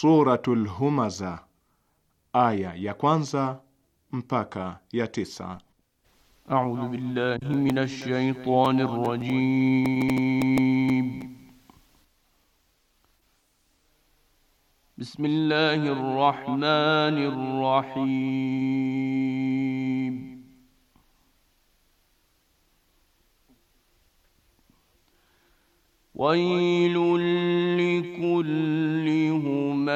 Suratul Humaza, aya ya kwanza mpaka ya tisa. A'udhu billahi minash shaitani rajim. Bismillahir rahmanir rahim. ويل لكل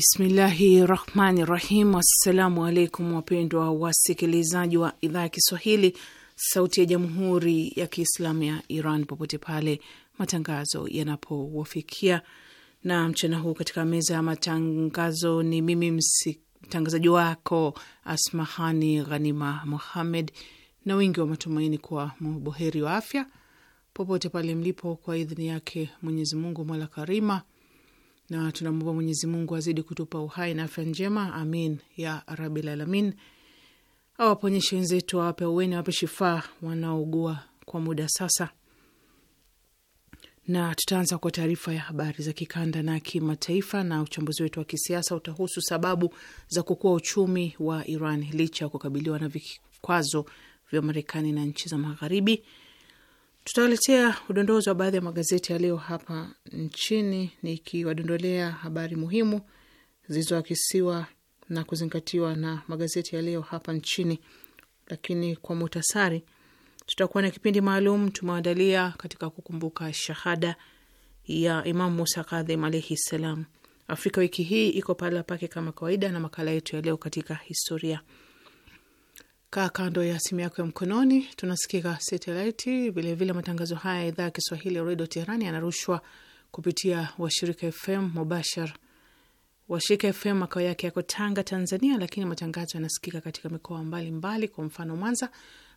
Bismillahi rahmani rahim. Assalamu alaikum wapendwa wasikilizaji wa idhaa ya Kiswahili sauti ya jamhuri ya Kiislamu ya Iran popote pale matangazo yanapowafikia. Na mchana huu katika meza ya matangazo ni mimi mtangazaji wako Asmahani Ghanima Muhammed, na wingi wa matumaini kwa mboheri wa afya popote pale mlipo, kwa idhini yake Mwenyezi Mungu mwala karima na tunamwomba Mwenyezi Mungu azidi kutupa uhai na afya njema, amin ya rabil alamin. Awaponyeshe wenzetu, awape uweni, awape shifaa wanaougua kwa muda sasa. Na tutaanza kwa taarifa ya habari za kikanda na kimataifa, na uchambuzi wetu wa kisiasa utahusu sababu za kukua uchumi wa Iran licha ya kukabiliwa na vikwazo vya Marekani na nchi za Magharibi. Tutawaletea udondozi wa baadhi ya magazeti yaliyo hapa nchini, nikiwadondolea habari muhimu zilizoakisiwa na kuzingatiwa na magazeti yaliyo hapa nchini, lakini kwa muhtasari. Tutakuwa na kipindi maalum tumeandalia katika kukumbuka shahada ya Imamu Musa Kadhim alaihi ssalam. Afrika wiki hii iko pahala pake kama kawaida, na makala yetu ya leo katika historia Kaa kando ya simu yako ya mkononi, tunasikika satelaiti, vilevile matangazo haya ya idhaa ya Kiswahili ya redio Teherani yanarushwa kupitia Washirika FM mubashar. Washirika FM makao yake yako Tanga, Tanzania, lakini matangazo yanasikika katika mikoa mbalimbali. Kwa mfano, Mwanza,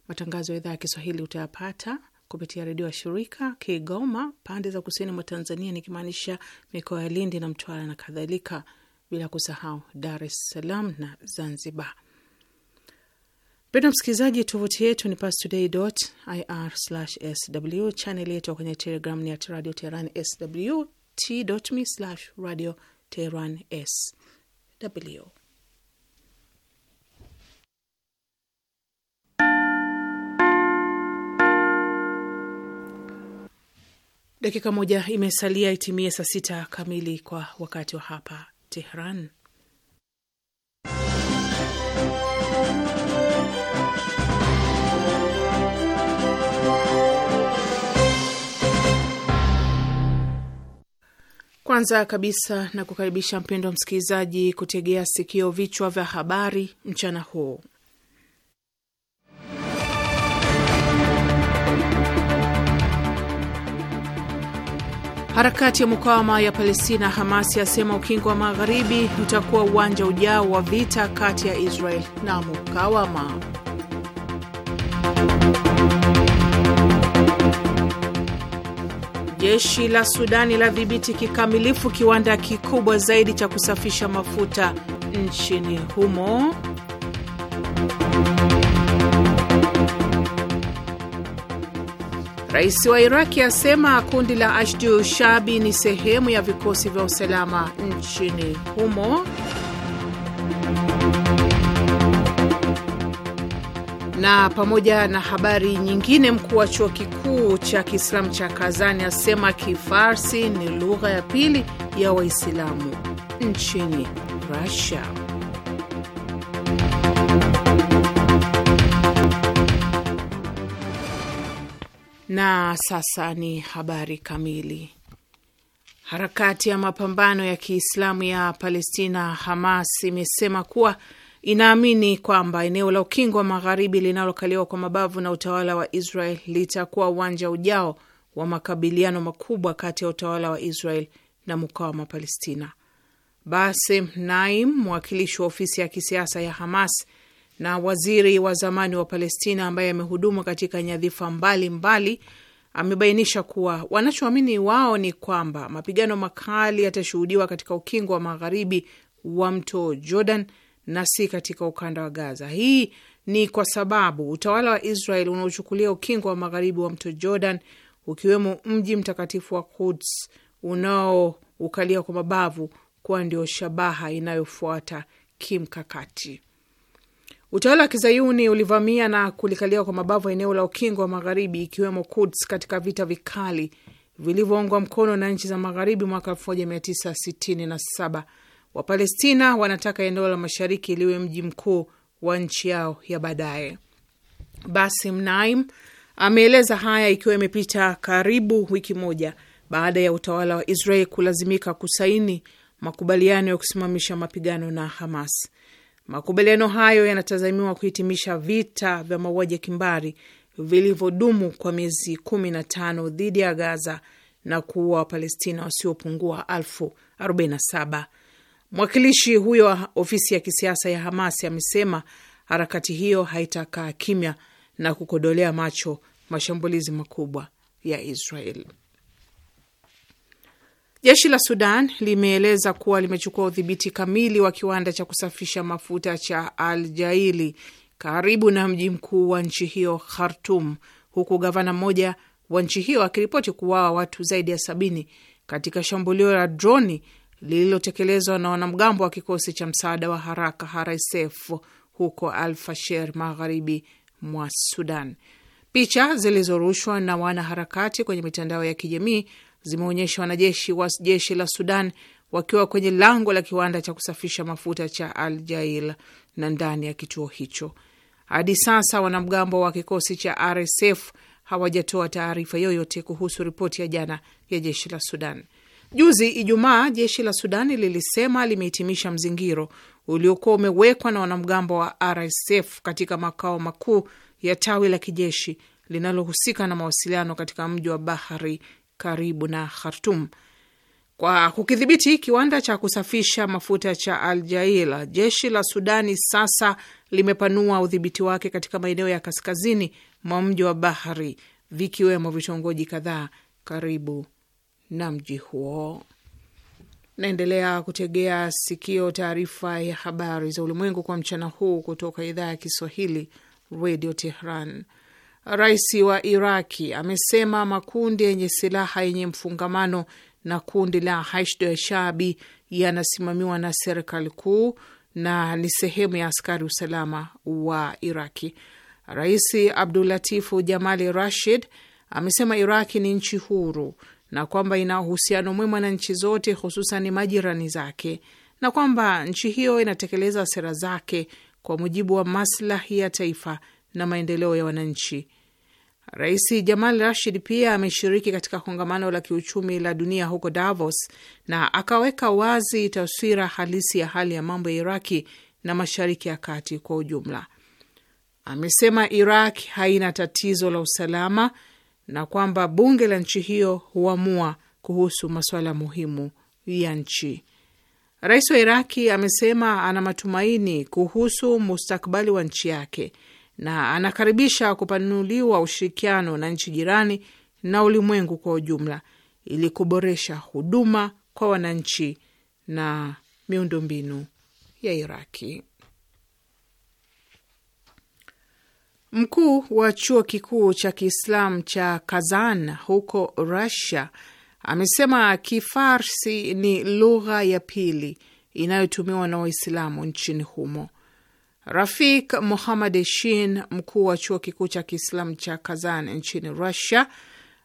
matangazo ya idhaa ya Kiswahili utayapata kupitia redio washirika. Kigoma, pande za kusini mwa Tanzania, nikimaanisha mikoa ya Lindi na Mtwara na kadhalika, bila kusahau Dar es Salaam na Zanzibar. Mpendwa msikilizaji, tovuti yetu ni pastoday.ir/sw. chanel yetu kwenye Telegram ni at Radio Teheran sw t.me radio Teheran sw. Dakika moja imesalia itimie saa sita kamili kwa wakati wa hapa teheran Kwanza kabisa na kukaribisha mpendo wa msikilizaji kutegea sikio vichwa vya habari mchana huu. Harakati ya mukawama ya Palestina Hamas yasema ukingo wa magharibi utakuwa uwanja ujao wa vita kati ya Israel na mukawama. Jeshi la Sudani la dhibiti kikamilifu kiwanda kikubwa zaidi cha kusafisha mafuta nchini humo. Rais wa Iraki asema kundi la Ashdu Shabi ni sehemu ya vikosi vya usalama nchini humo. na pamoja na habari nyingine, mkuu wa chuo kikuu cha Kiislamu cha Kazani asema Kifarsi ni lugha ya pili ya Waislamu nchini Russia. Na sasa ni habari kamili. Harakati ya mapambano ya Kiislamu ya Palestina Hamas imesema kuwa inaamini kwamba eneo la ukingo wa magharibi linalokaliwa kwa mabavu na utawala wa Israel litakuwa uwanja ujao wa makabiliano makubwa kati ya utawala wa Israel na mukawama Palestina. Basim Naim, mwakilishi wa ofisi ya kisiasa ya Hamas na waziri wa zamani wa Palestina ambaye amehudumu katika nyadhifa mbalimbali, amebainisha kuwa wanachoamini wao ni kwamba mapigano makali yatashuhudiwa katika ukingo wa magharibi wa mto Jordan na si katika ukanda wa Gaza. Hii ni kwa sababu utawala wa Israel unaochukulia ukingo wa magharibi wa mto Jordan, ukiwemo mji mtakatifu wa Quds unaoukalia kwa mabavu, kuwa ndio shabaha inayofuata kimkakati. Utawala wa kizayuni ulivamia na kulikalia kwa mabavu eneo la ukingo wa magharibi ikiwemo Quds katika vita vikali vilivyoungwa mkono na nchi za magharibi mwaka 1967 Wapalestina wanataka eneo la mashariki liwe mji mkuu wa nchi yao ya baadaye. Basim Naim ameeleza haya ikiwa imepita karibu wiki moja baada ya utawala wa Israel kulazimika kusaini makubaliano ya kusimamisha mapigano na Hamas. Makubaliano hayo yanatazamiwa kuhitimisha vita vya mauaji ya kimbari vilivyodumu kwa miezi kumi na tano dhidi ya Gaza na kuua Wapalestina wasiopungua elfu arobaini na saba. Mwakilishi huyo wa ofisi ya kisiasa ya Hamas amesema harakati hiyo haitakaa kimya na kukodolea macho mashambulizi makubwa ya Israel. Jeshi la Sudan limeeleza kuwa limechukua udhibiti kamili wa kiwanda cha kusafisha mafuta cha Al Jaili karibu na mji mkuu wa nchi hiyo Khartum, huku gavana mmoja wa nchi hiyo akiripoti kuwawa watu zaidi ya sabini katika shambulio la droni lililotekelezwa na wanamgambo wa kikosi cha msaada wa haraka RSF huko Al-Fasher, magharibi mwa Sudan. Picha zilizorushwa na wanaharakati kwenye mitandao ya kijamii zimeonyesha wanajeshi wa jeshi la Sudan wakiwa kwenye lango la kiwanda cha kusafisha mafuta cha Al Jail na ndani ya kituo hicho. Hadi sasa wanamgambo wa kikosi cha RSF hawajatoa taarifa yoyote kuhusu ripoti ya jana ya jeshi la Sudan. Juzi Ijumaa, jeshi la Sudani lilisema limehitimisha mzingiro uliokuwa umewekwa na wanamgambo wa RSF katika makao makuu ya tawi la kijeshi linalohusika na mawasiliano katika mji wa Bahari karibu na Khartum. Kwa kukidhibiti kiwanda cha kusafisha mafuta cha Al Jaila, jeshi la Sudani sasa limepanua udhibiti wake katika maeneo ya kaskazini mwa mji wa Bahari, vikiwemo vitongoji kadhaa karibu na mji huo. Naendelea kutegea sikio taarifa ya habari za ulimwengu kwa mchana huu kutoka idhaa ya Kiswahili Radio Tehran. Rais wa Iraki amesema makundi yenye silaha yenye mfungamano na kundi la Hashd al-Shaabi yanasimamiwa na serikali kuu na ni sehemu ya askari usalama wa Iraki. Rais Abdulatifu Jamali Rashid amesema Iraki ni nchi huru na kwamba ina uhusiano mwema na nchi zote, hususan majirani zake, na kwamba nchi hiyo inatekeleza sera zake kwa mujibu wa maslahi ya taifa na maendeleo ya wananchi. Rais Jamal Rashid pia ameshiriki katika kongamano la kiuchumi la dunia huko Davos na akaweka wazi taswira halisi ya hali ya mambo ya Iraki na Mashariki ya Kati kwa ujumla. Amesema Iraq haina tatizo la usalama na kwamba bunge la nchi hiyo huamua kuhusu masuala muhimu ya nchi. Rais wa Iraki amesema ana matumaini kuhusu mustakbali wa nchi yake na anakaribisha kupanuliwa ushirikiano na nchi jirani na ulimwengu kwa ujumla ili kuboresha huduma kwa wananchi na miundombinu ya Iraki. Mkuu wa chuo kikuu cha Kiislamu cha Kazan huko Russia amesema Kifarsi ni lugha ya pili inayotumiwa na Waislamu nchini humo. Rafik Mohammad Shin, mkuu wa chuo kikuu cha Kiislamu cha Kazan nchini Russia,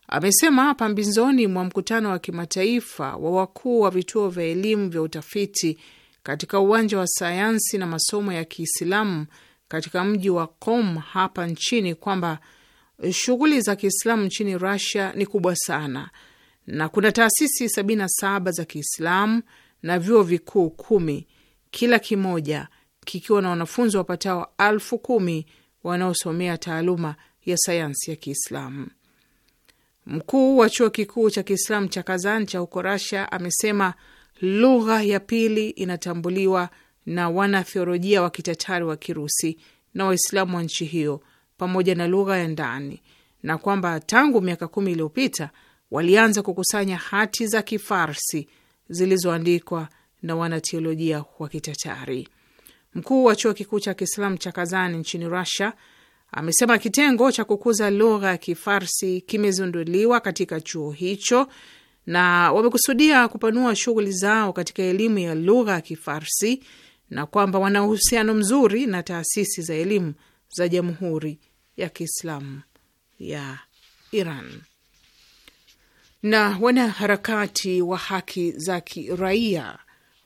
amesema pambizoni mwa mkutano wa kimataifa wa wakuu wa vituo vya elimu vya utafiti katika uwanja wa sayansi na masomo ya Kiislamu katika mji wa Qom hapa nchini kwamba shughuli za Kiislamu nchini rusia ni kubwa sana na kuna taasisi 77 za Kiislamu na vyuo vikuu kumi, kila kimoja kikiwa na wanafunzi wapatao elfu kumi wanaosomea taaluma ya sayansi ya Kiislamu. Mkuu wa chuo kikuu cha Kiislamu cha Kazan cha huko Rasia amesema lugha ya pili inatambuliwa na wanatheolojia wa kitatari wa Kirusi na Waislamu wa nchi hiyo pamoja na lugha ya ndani, na kwamba tangu miaka kumi iliyopita walianza kukusanya hati za Kifarsi zilizoandikwa na wanateolojia wa Kitatari. Mkuu wa chuo kikuu cha Kiislamu cha Kazani nchini rusia amesema kitengo cha kukuza lugha ya Kifarsi kimezinduliwa katika chuo hicho na wamekusudia kupanua shughuli zao katika elimu ya lugha ya Kifarsi na kwamba wana uhusiano mzuri na taasisi za elimu za Jamhuri ya Kiislamu ya Iran. Na wanaharakati wa haki za kiraia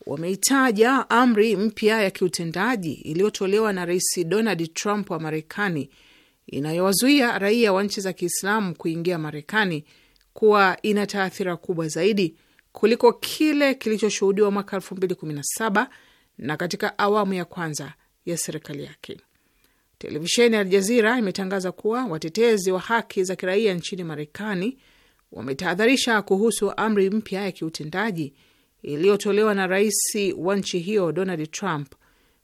wameitaja amri mpya ya kiutendaji iliyotolewa na Rais Donald Trump wa Marekani inayowazuia raia wa nchi za Kiislamu kuingia Marekani kuwa ina taathira kubwa zaidi kuliko kile kilichoshuhudiwa mwaka 2017 na katika awamu ya kwanza ya serikali yake. Televisheni ya Aljazira imetangaza kuwa watetezi wa haki za kiraia nchini Marekani wametahadharisha kuhusu amri mpya ya kiutendaji iliyotolewa na rais wa nchi hiyo Donald Trump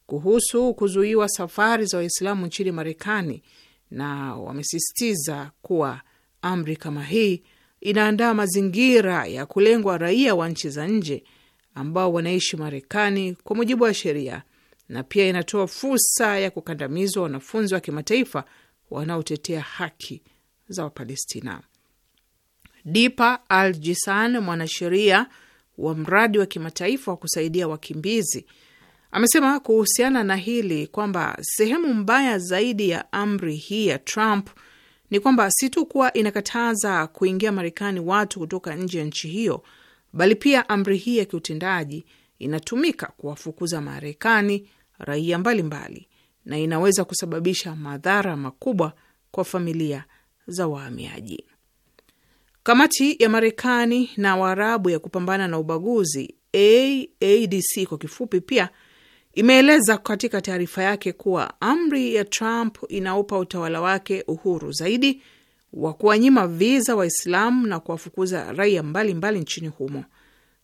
kuhusu kuzuiwa safari za Waislamu nchini Marekani, na wamesisitiza kuwa amri kama hii inaandaa mazingira ya kulengwa raia wa nchi za nje ambao wanaishi Marekani kwa mujibu wa sheria, na pia inatoa fursa ya kukandamizwa wanafunzi wa kimataifa wanaotetea haki za Wapalestina. Dipa Al Jisan, mwanasheria wa mradi wa kimataifa wa kusaidia wakimbizi, amesema kuhusiana na hili kwamba sehemu mbaya zaidi ya amri hii ya Trump ni kwamba si tu kuwa inakataza kuingia Marekani watu kutoka nje ya nchi hiyo, bali pia amri hii ya kiutendaji inatumika kuwafukuza Marekani raia mbalimbali na inaweza kusababisha madhara makubwa kwa familia za wahamiaji. Kamati ya Marekani na Waarabu ya kupambana na ubaguzi AADC kwa kifupi, pia imeeleza katika taarifa yake kuwa amri ya Trump inaupa utawala wake uhuru zaidi wa kuwanyima viza Waislamu na kuwafukuza raia mbalimbali nchini humo.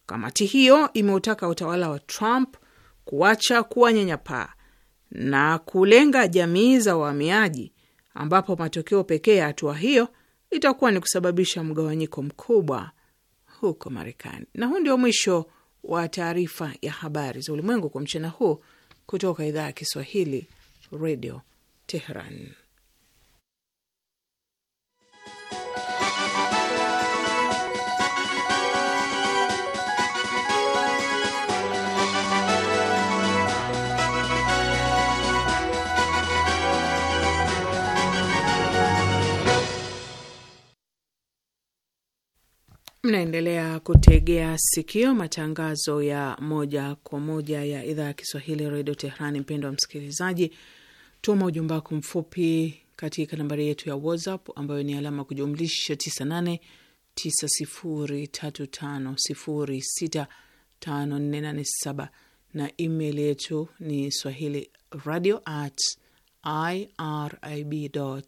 Kamati hiyo imeutaka utawala wa Trump kuacha kuwanyanyapaa na kulenga jamii za wahamiaji, ambapo matokeo pekee ya hatua hiyo itakuwa ni kusababisha mgawanyiko mkubwa huko Marekani. Na huu ndio mwisho wa taarifa ya habari za ulimwengu kwa mchana huu kutoka idhaa ya Kiswahili, Radio Teheran. Mnaendelea kutegea sikio matangazo ya moja kwa moja ya idhaa ya Kiswahili redio Tehrani. Mpendo wa msikilizaji, tuma ujumbe wako mfupi katika nambari yetu ya WhatsApp ambayo ni alama kujumlisha 989035065487 na email yetu ni swahili radio at irib ir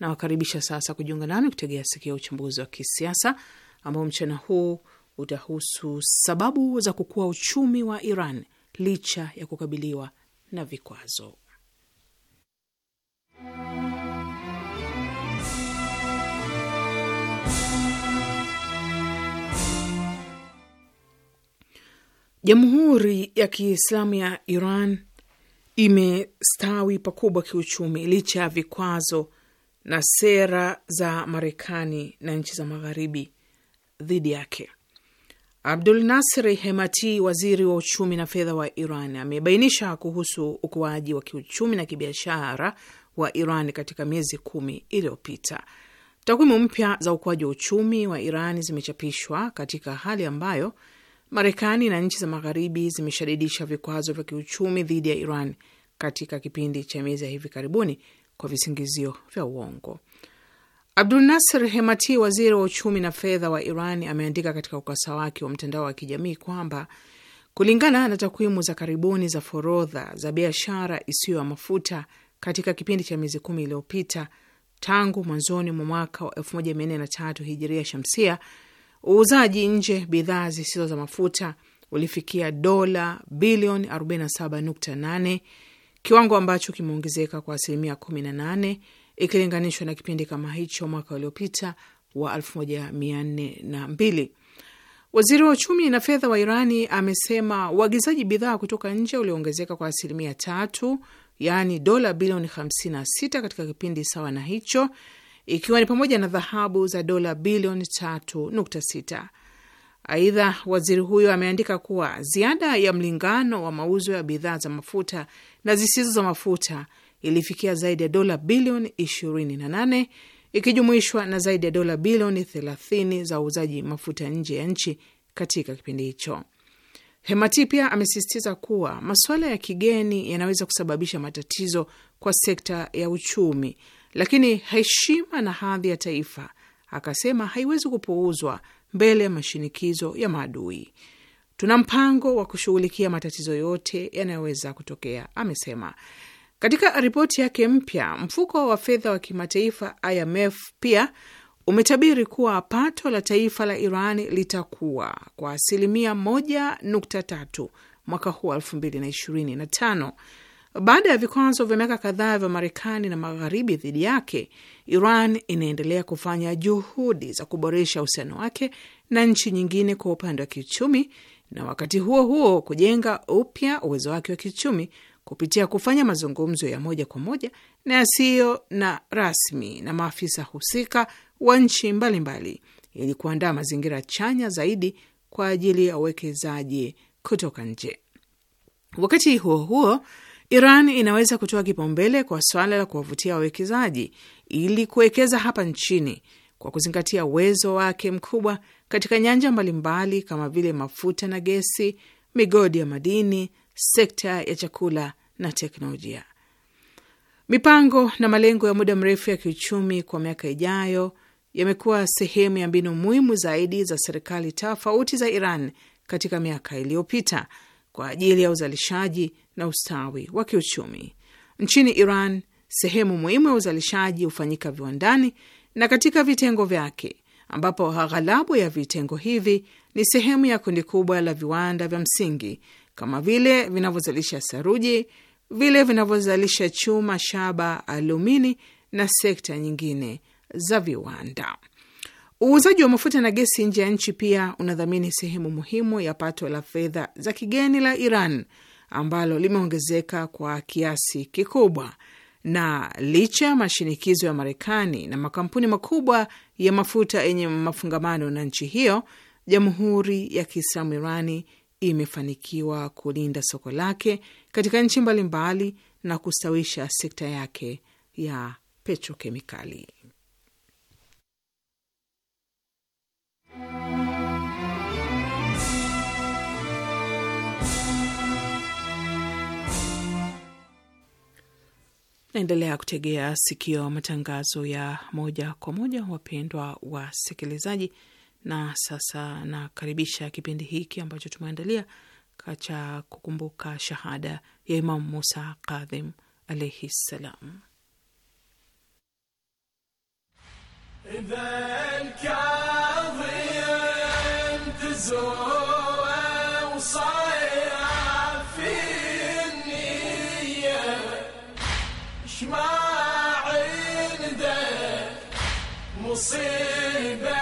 Nawakaribisha sasa kujiunga nami kutegea sikio uchambuzi wa kisiasa ambao mchana huu utahusu sababu za kukua uchumi wa Iran licha ya kukabiliwa na vikwazo. Jamhuri ya Kiislamu ya Iran imestawi pakubwa kiuchumi licha ya vikwazo na sera za Marekani na nchi za magharibi dhidi yake. Abdul Nasri Hemati, waziri wa uchumi na fedha wa Iran, amebainisha kuhusu ukuaji wa kiuchumi na kibiashara wa Iran katika miezi kumi iliyopita. Takwimu mpya za ukuaji wa uchumi wa Iran zimechapishwa katika hali ambayo Marekani na nchi za magharibi zimeshadidisha vikwazo vya kiuchumi dhidi ya Iran katika kipindi cha miezi ya hivi karibuni kwa visingizio vya uongo. Abdul Nasir Hemati, waziri wa uchumi na fedha wa Iran, ameandika katika ukurasa wake wa mtandao wa kijamii kwamba kulingana na takwimu za karibuni za forodha za biashara isiyo ya mafuta katika kipindi cha miezi kumi iliyopita tangu mwanzoni mwa mwaka wa tatu hijiria shamsia, uuzaji nje bidhaa zisizo za mafuta ulifikia dola bilioni 47.8 kiwango ambacho kimeongezeka kwa asilimia 18 ikilinganishwa na kipindi kama hicho mwaka uliopita wa 1402. Waziri wa uchumi na fedha wa Irani amesema uagizaji bidhaa kutoka nje ulioongezeka kwa asilimia tatu, yaani dola bilioni 56 katika kipindi sawa na hicho, ikiwa ni pamoja na dhahabu za dola bilioni 3.6. Aidha, waziri huyo ameandika kuwa ziada ya mlingano wa mauzo ya bidhaa za mafuta na zisizo za mafuta ilifikia zaidi ya dola bilioni 28 ikijumuishwa na zaidi ya dola bilioni 30 za uuzaji mafuta nje ya nchi katika kipindi hicho. Hemati pia amesisitiza kuwa masuala ya kigeni yanaweza kusababisha matatizo kwa sekta ya uchumi, lakini heshima na hadhi ya taifa, akasema, haiwezi kupuuzwa mbele ya mashinikizo ya maadui. Tuna mpango wa kushughulikia matatizo yote yanayoweza kutokea, amesema. Katika ripoti yake mpya, mfuko wa fedha wa kimataifa IMF pia umetabiri kuwa pato la taifa la Iran litakuwa kwa asilimia 1.3 mwaka huu 2025 baada ya vikwazo vya miaka kadhaa vya Marekani na magharibi dhidi yake, Iran inaendelea kufanya juhudi za kuboresha uhusiano wake na nchi nyingine kwa upande wa kiuchumi, na wakati huo huo kujenga upya uwezo wake wa kiuchumi kupitia kufanya mazungumzo ya moja kwa moja na yasiyo na rasmi na maafisa husika wa nchi mbalimbali ili kuandaa mazingira chanya zaidi kwa ajili ya uwekezaji kutoka nje. Wakati huo huo Iran inaweza kutoa kipaumbele kwa swala la kuwavutia wawekezaji ili kuwekeza hapa nchini kwa kuzingatia uwezo wake mkubwa katika nyanja mbalimbali kama vile mafuta na gesi, migodi ya madini, sekta ya chakula na teknolojia. Mipango na malengo ya muda mrefu ya kiuchumi kwa miaka ijayo yamekuwa sehemu ya mbinu muhimu zaidi za serikali tofauti za Iran katika miaka iliyopita kwa ajili ya uzalishaji na ustawi wa kiuchumi. Nchini Iran, sehemu muhimu ya uzalishaji hufanyika viwandani na katika vitengo vyake, ambapo aghalabu ya vitengo hivi ni sehemu ya kundi kubwa la viwanda vya msingi kama vile vinavyozalisha saruji, vile vinavyozalisha chuma, shaba, alumini na sekta nyingine za viwanda. Uuzaji wa mafuta na gesi nje ya nchi pia unadhamini sehemu muhimu ya pato la fedha za kigeni la Iran ambalo limeongezeka kwa kiasi kikubwa, na licha ya mashinikizo ya Marekani na makampuni makubwa ya mafuta yenye mafungamano na nchi hiyo, Jamhuri ya Kiislamu Irani imefanikiwa kulinda soko lake katika nchi mbalimbali na kustawisha sekta yake ya petrokemikali. Naendelea kutegea sikio matangazo ya moja kwa moja, wapendwa wasikilizaji, na sasa nakaribisha kipindi hiki ambacho tumeandalia cha kukumbuka shahada ya Imam Musa Kadhim alaihi ssalam. مصيبة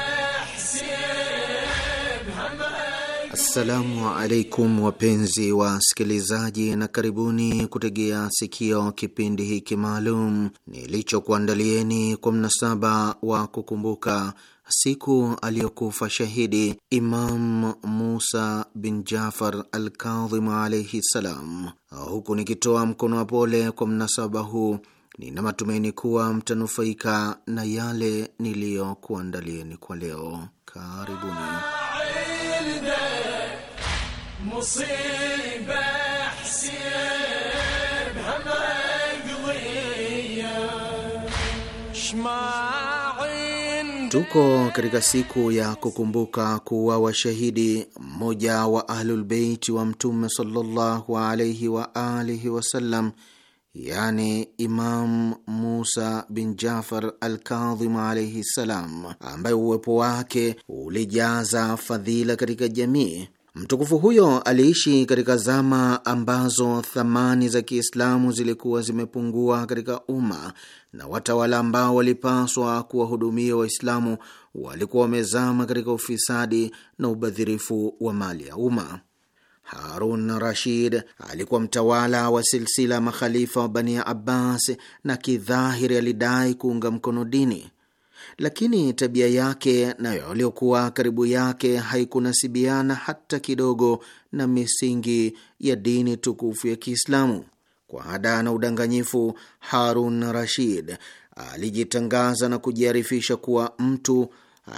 Assalamu alaikum wapenzi wa wasikilizaji, na karibuni kutegea sikio kipindi hiki maalum nilichokuandalieni kwa mnasaba wa kukumbuka siku aliyokufa shahidi Imam Musa bin Jafar al Kadhim alaihi ssalam. Huku nikitoa mkono wa pole kwa mnasaba huu, nina matumaini kuwa mtanufaika na yale niliyokuandalieni kwa leo. Karibuni. Tuko katika siku ya kukumbuka kuwa washahidi mmoja wa Ahlulbeiti wa Mtume sallallahu alaihi wa alihi wasallam, yani Imam Musa bin Jafar Alkadhim alaihi ssalam, ambaye uwepo wake ulijaza fadhila katika jamii Mtukufu huyo aliishi katika zama ambazo thamani za Kiislamu zilikuwa zimepungua katika umma na watawala ambao walipaswa kuwahudumia Waislamu walikuwa wamezama katika ufisadi na ubadhirifu wa mali ya umma. Harun Rashid alikuwa mtawala wa silsila makhalifa wa Bani Abbas na kidhahiri alidai kuunga mkono dini lakini tabia yake na aliyokuwa karibu yake haikunasibiana hata kidogo na misingi ya dini tukufu ya Kiislamu. Kwa ada na udanganyifu, Harun Rashid alijitangaza na kujiarifisha kuwa mtu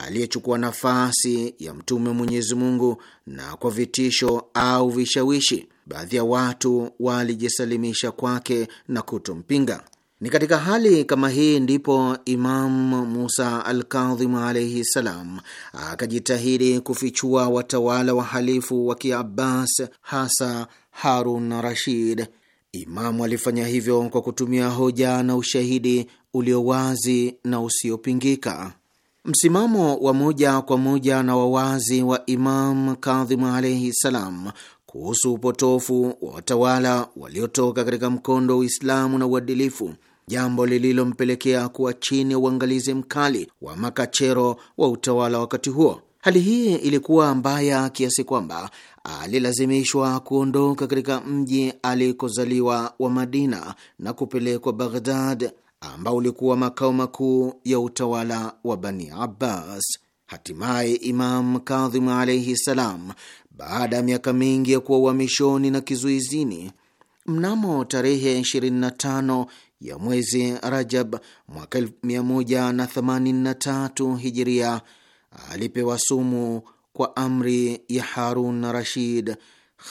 aliyechukua nafasi ya Mtume Mwenyezi Mungu, na kwa vitisho au vishawishi, baadhi ya watu walijisalimisha kwake na kutompinga. Ni katika hali kama hii ndipo imam Musa Alkadhim alaihi ssalam akajitahidi kufichua watawala wahalifu wa Kiabbas, hasa Harun Rashid. Imamu alifanya hivyo kwa kutumia hoja na ushahidi ulio wazi na usiopingika. Msimamo wa moja kwa moja na wawazi wa Imam Kadhim alaihi ssalam kuhusu upotofu wa watawala waliotoka katika mkondo wa Uislamu na uadilifu jambo lililompelekea kuwa chini ya uangalizi mkali wa makachero wa utawala wakati huo. Hali hii ilikuwa mbaya kiasi kwamba alilazimishwa kuondoka katika mji alikozaliwa wa Madina na kupelekwa Baghdad, ambao ulikuwa makao makuu ya utawala wa Bani Abbas. Hatimaye Imam Kadhimu alaihi ssalam, baada ya miaka mingi ya kuwa uhamishoni na kizuizini, mnamo tarehe 25 ya mwezi Rajab mwaka 183 Hijiria alipewa sumu kwa amri ya Harun Rashid,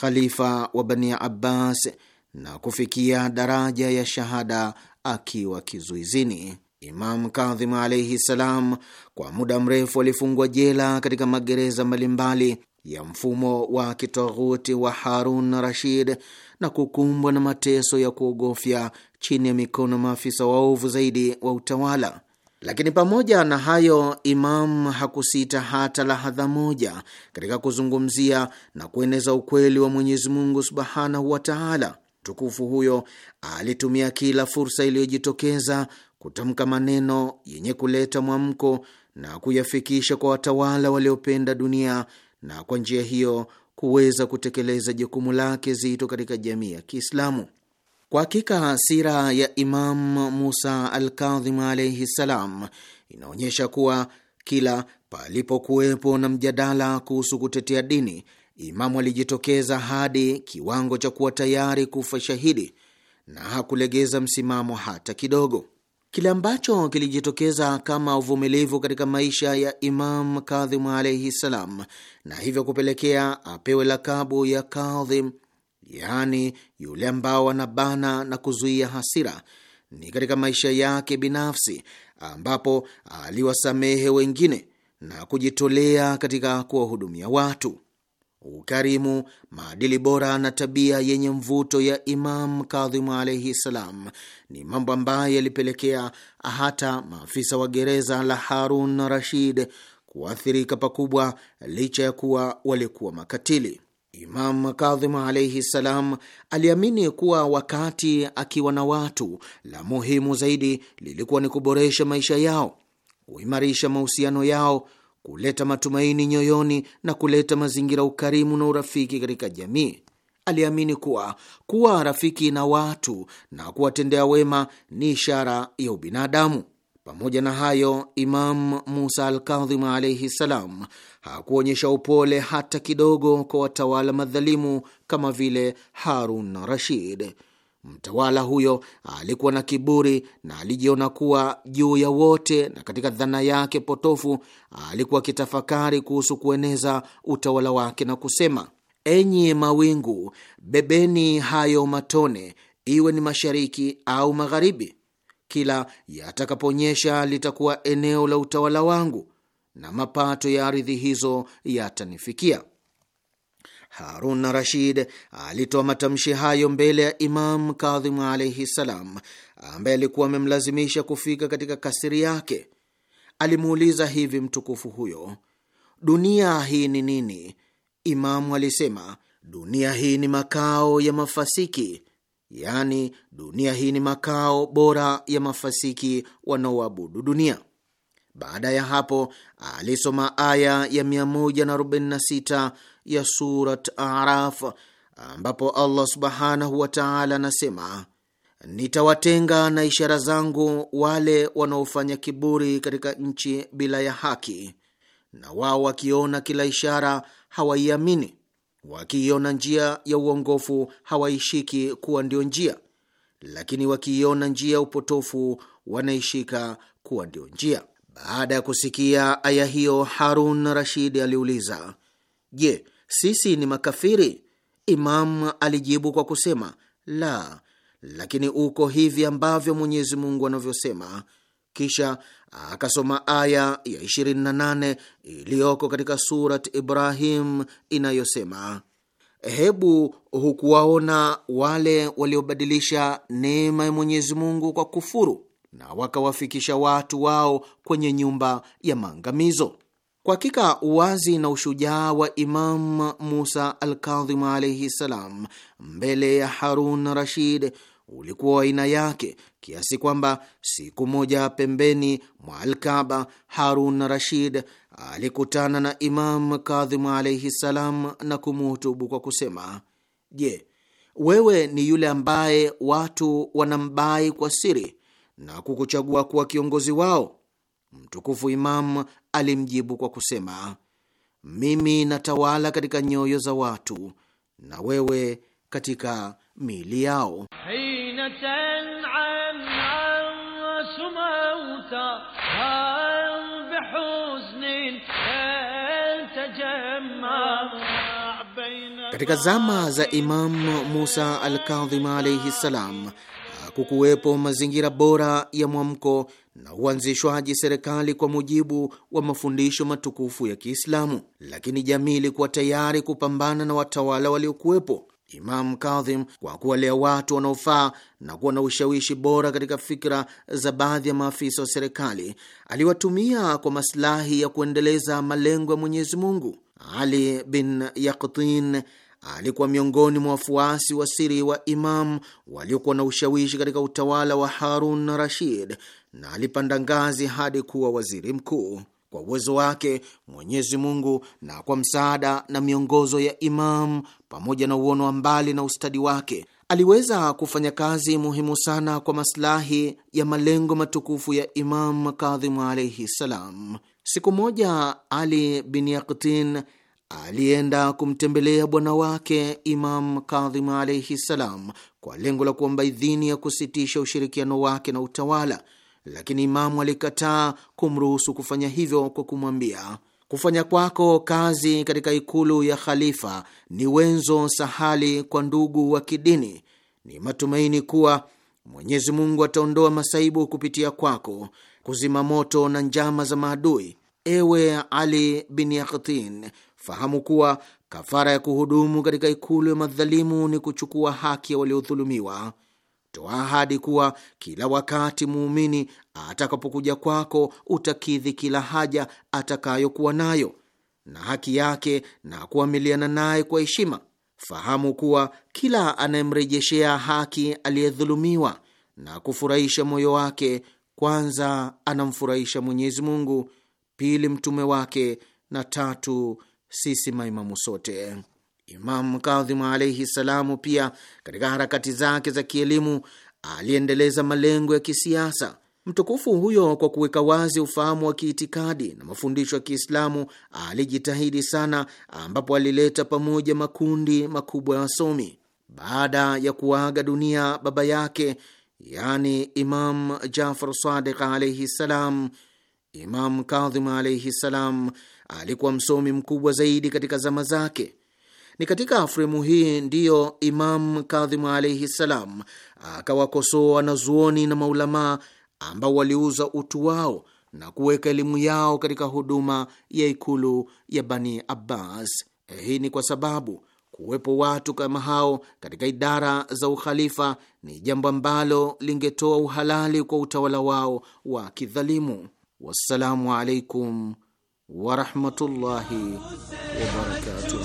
khalifa wa Bani Abbas, na kufikia daraja ya shahada akiwa kizuizini. Imam Kadhim alaihi salam kwa muda mrefu alifungwa jela katika magereza mbalimbali ya mfumo wa kitoghuti wa Harun Rashid na kukumbwa na mateso ya kuogofya chini ya mikono maafisa waovu zaidi wa utawala. Lakini pamoja na hayo, Imam hakusita hata lahadha moja katika kuzungumzia na kueneza ukweli wa Mwenyezi Mungu subhanahu wa taala. Mtukufu huyo alitumia kila fursa iliyojitokeza kutamka maneno yenye kuleta mwamko na kuyafikisha kwa watawala waliopenda dunia, na kwa njia hiyo kuweza kutekeleza jukumu lake zito katika jamii ya Kiislamu. Kwa hakika sira ya Imam Musa Alkadhim alaihi ssalam inaonyesha kuwa kila palipokuwepo na mjadala kuhusu kutetea dini, Imamu alijitokeza hadi kiwango cha kuwa tayari kufa shahidi na hakulegeza msimamo hata kidogo. Kile ambacho kilijitokeza kama uvumilivu katika maisha ya Imam Kadhim alaihi ssalam, na hivyo kupelekea apewe lakabu ya Kadhim, yaani yule ambao anabana na kuzuia hasira, ni katika maisha yake binafsi ambapo aliwasamehe wengine na kujitolea katika kuwahudumia watu ukarimu, maadili bora na tabia yenye mvuto ya Imam Kadhimu alaihi ssalam ni mambo ambayo yalipelekea hata maafisa wa gereza la Harun Rashid kuathirika pakubwa, licha ya kuwa walikuwa makatili. Imam Kadhim alaihi ssalam aliamini kuwa wakati akiwa na watu, la muhimu zaidi lilikuwa ni kuboresha maisha yao, kuimarisha mahusiano yao kuleta matumaini nyoyoni na kuleta mazingira ukarimu na urafiki katika jamii. Aliamini kuwa kuwa rafiki na watu na kuwatendea wema ni ishara ya ubinadamu. Pamoja na hayo, Imam Musa Alkadhim alaihi ssalam hakuonyesha upole hata kidogo kwa watawala madhalimu kama vile Harun Rashid. Mtawala huyo alikuwa na kiburi na alijiona kuwa juu ya wote, na katika dhana yake potofu alikuwa akitafakari kuhusu kueneza utawala wake na kusema: enyi mawingu, bebeni hayo matone, iwe ni mashariki au magharibi. Kila yatakaponyesha litakuwa eneo la utawala wangu, na mapato ya ardhi hizo yatanifikia. Harun Rashid alitoa matamshi hayo mbele ya Imam Kadhimu alaihi ssalam, ambaye alikuwa amemlazimisha kufika katika kasiri yake. Alimuuliza hivi mtukufu huyo, dunia hii ni nini? Imamu alisema, dunia hii ni makao ya mafasiki, yaani dunia hii ni makao bora ya mafasiki wanaoabudu dunia. Baada ya hapo alisoma aya ya 146 ya Surat Araf, ambapo Allah subhanahu wa taala anasema, nitawatenga na ishara zangu wale wanaofanya kiburi katika nchi bila ya haki, na wao wakiona kila ishara hawaiamini, wakiiona njia ya uongofu hawaishiki kuwa ndio njia, lakini wakiiona njia ya upotofu wanaishika kuwa ndio njia. Baada ya kusikia aya hiyo, Harun Rashid aliuliza, je, sisi ni makafiri? Imam alijibu kwa kusema la, lakini uko hivi ambavyo Mwenyezi Mungu anavyosema. Kisha akasoma aya ya 28 iliyoko katika Surat Ibrahim inayosema, hebu hukuwaona wale waliobadilisha neema ya Mwenyezi Mungu kwa kufuru na wakawafikisha watu wao kwenye nyumba ya maangamizo. Kwa hakika uwazi na ushujaa wa Imam Musa Alkadhim alaihi ssalam mbele ya Harun Rashid ulikuwa wa aina yake kiasi kwamba siku moja pembeni mwa Alkaba, Harun Rashid alikutana na Imam Kadhim alaihi ssalam na kumuhutubu kwa kusema: Je, wewe ni yule ambaye watu wanambai kwa siri na kukuchagua kuwa kiongozi wao? Mtukufu Imam alimjibu kwa kusema, mimi natawala katika nyoyo za watu na wewe katika miili yao. Katika zama za Imam Musa Alkadhim alaihi ssalam kukuwepo mazingira bora ya mwamko na uanzishwaji serikali kwa mujibu wa mafundisho matukufu ya Kiislamu, lakini jamii ilikuwa tayari kupambana na watawala waliokuwepo. Imamu Kadhim, kwa kuwalea watu wanaofaa na kuwa na ushawishi bora katika fikra za baadhi ya maafisa wa serikali, aliwatumia kwa masilahi ya kuendeleza malengo ya Mwenyezi Mungu. Ali bin Yaqtin alikuwa miongoni mwa wafuasi wa siri wa Imam waliokuwa na ushawishi katika utawala wa Harun Rashid na alipanda ngazi hadi kuwa waziri mkuu. Kwa uwezo wake Mwenyezi Mungu na kwa msaada na miongozo ya Imam pamoja na uono wa mbali na ustadi wake aliweza kufanya kazi muhimu sana kwa masilahi ya malengo matukufu ya Imam Kadhimu alaihi salam. Siku moja Ali bin Yaktin alienda kumtembelea bwana wake Imam kadhimu alaihi ssalam kwa lengo la kuomba idhini ya kusitisha ushirikiano wake na utawala, lakini Imamu alikataa kumruhusu kufanya hivyo kwa kumwambia, kufanya kwako kazi katika ikulu ya khalifa ni wenzo sahali kwa ndugu wa kidini. Ni matumaini kuwa Mwenyezi Mungu ataondoa masaibu kupitia kwako, kuzima moto na njama za maadui. Ewe Ali bin Yaktin, fahamu kuwa kafara ya kuhudumu katika ikulu ya madhalimu ni kuchukua haki ya waliodhulumiwa. Toa ahadi kuwa kila wakati muumini atakapokuja kwako utakidhi kila haja atakayokuwa nayo na haki yake na kuamiliana naye kwa heshima. Fahamu kuwa kila anayemrejeshea haki aliyedhulumiwa na kufurahisha moyo wake, kwanza anamfurahisha Mwenyezi Mungu, pili mtume wake, na tatu sisi maimamu sote. Imamu Kadhimu alaihi salamu pia katika harakati zake za kielimu aliendeleza malengo ya kisiasa mtukufu huyo kwa kuweka wazi ufahamu wa kiitikadi na mafundisho ya Kiislamu. Alijitahidi sana, ambapo alileta pamoja makundi makubwa ya wasomi. Baada ya kuaga dunia baba yake, yani Imam Jafar Sadiq alaihi salam, Imam Kadhim alaihi salam alikuwa msomi mkubwa zaidi katika zama zake. Ni katika fremu hii ndiyo Imam Kadhimu alaihi ssalam akawakosoa wanazuoni na maulamaa ambao waliuza utu wao na kuweka elimu yao katika huduma ya ikulu ya Bani Abbas. Hii ni kwa sababu kuwepo watu kama hao katika idara za ukhalifa ni jambo ambalo lingetoa uhalali kwa utawala wao wa kidhalimu. Wassalamu alaikum ورحمة الله وبركاته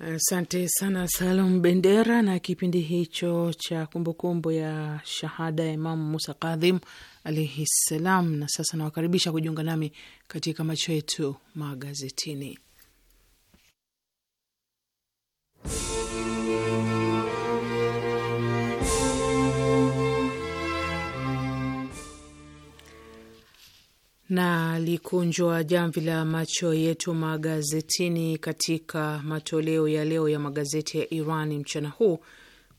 Asante sana Salum Bendera na kipindi hicho cha kumbukumbu ya shahada ya Imamu Musa Kadhim alaihi ssalam. Na sasa nawakaribisha kujiunga nami katika macho yetu magazetini. na likunjwa jamvi la macho yetu magazetini katika matoleo ya leo ya magazeti ya Iran mchana huu,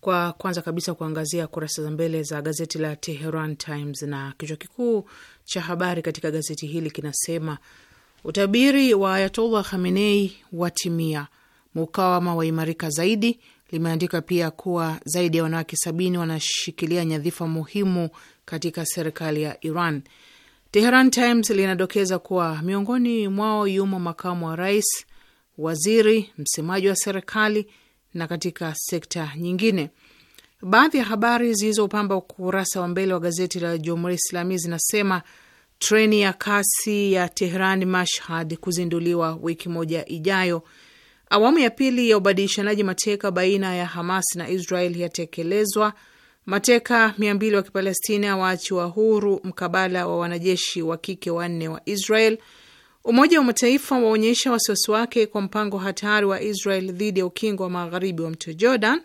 kwa kwanza kabisa kuangazia kurasa za mbele za gazeti la Teheran Times, na kichwa kikuu cha habari katika gazeti hili kinasema utabiri wa Ayatollah Khamenei watimia, mukawama waimarika zaidi. Limeandika pia kuwa zaidi ya wanawake sabini wanashikilia nyadhifa muhimu katika serikali ya Iran. Teheran Times linadokeza kuwa miongoni mwao yumo makamu wa rais, waziri, msemaji wa serikali na katika sekta nyingine. Baadhi ya habari zilizopamba ukurasa wa mbele wa gazeti la Jumhuri Islami zinasema treni ya kasi ya Tehran Mashhad kuzinduliwa wiki moja ijayo. Awamu ya pili ya ubadilishanaji mateka baina ya Hamas na Israel yatekelezwa. Mateka mia mbili wa Kipalestina waachiwa huru mkabala wa wanajeshi wa kike wanne wa Israel. Umoja wa Mataifa waonyesha wasiwasi wake kwa mpango hatari wa Israel dhidi ya ukingo wa magharibi wa mto Jordan.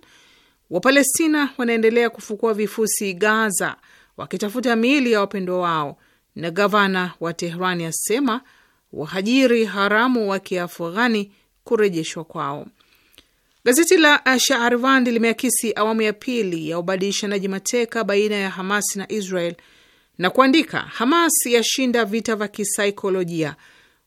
Wapalestina wanaendelea kufukua vifusi Gaza wakitafuta miili ya wapendwa wao, na gavana wa Teherani asema wahajiri haramu wa Kiafghani kurejeshwa kwao. Gazeti la Ashaarvand limeakisi awamu ya pili ya ubadilishanaji mateka baina ya Hamas na Israel na kuandika, Hamas yashinda vita vya kisaikolojia.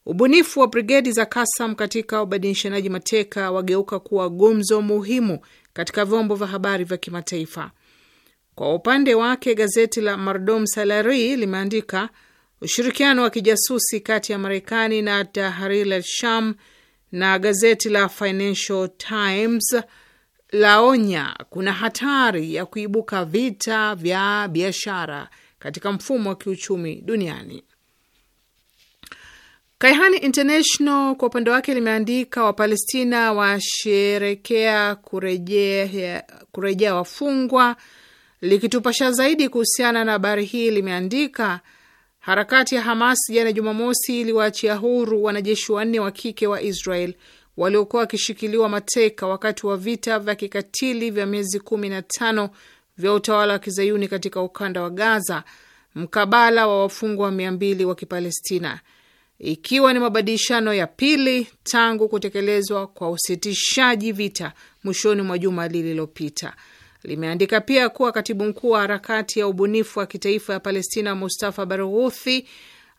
Ubunifu wa brigedi za Kasam katika ubadilishanaji mateka wageuka kuwa gumzo muhimu katika vyombo vya habari vya kimataifa. Kwa upande wake, gazeti la Mardom Salari limeandika ushirikiano wa kijasusi kati ya Marekani na Tahrir al-Sham al-Sham na gazeti la Financial Times laonya kuna hatari ya kuibuka vita vya biashara katika mfumo wa kiuchumi duniani. Kaihani International kwa upande wake limeandika Wapalestina washerekea kurejea kurejea wafungwa. Likitupasha zaidi kuhusiana na habari hii limeandika Harakati ya Hamas jana Jumamosi iliwaachia huru wanajeshi wanne wa kike wa Israel waliokuwa wakishikiliwa mateka wakati wa vita vya kikatili vya miezi kumi na tano vya utawala wa kizayuni katika ukanda wa Gaza mkabala wa wafungwa mia mbili wa Kipalestina, ikiwa ni mabadilishano ya pili tangu kutekelezwa kwa usitishaji vita mwishoni mwa juma lililopita. Limeandika pia kuwa katibu mkuu wa harakati ya ubunifu wa kitaifa ya Palestina Mustafa baruguthi